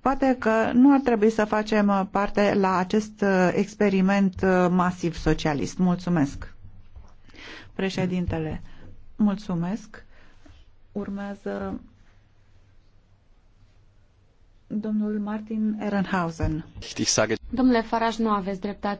Poate că nu ar trebui să facem uh, parte la acest uh, experiment uh, masiv socialist. Mulțumesc. Președintele, mulțumesc. Urmează domnul Martin Ehrenhausen. Domnule Faraj, nu aveți dreptate.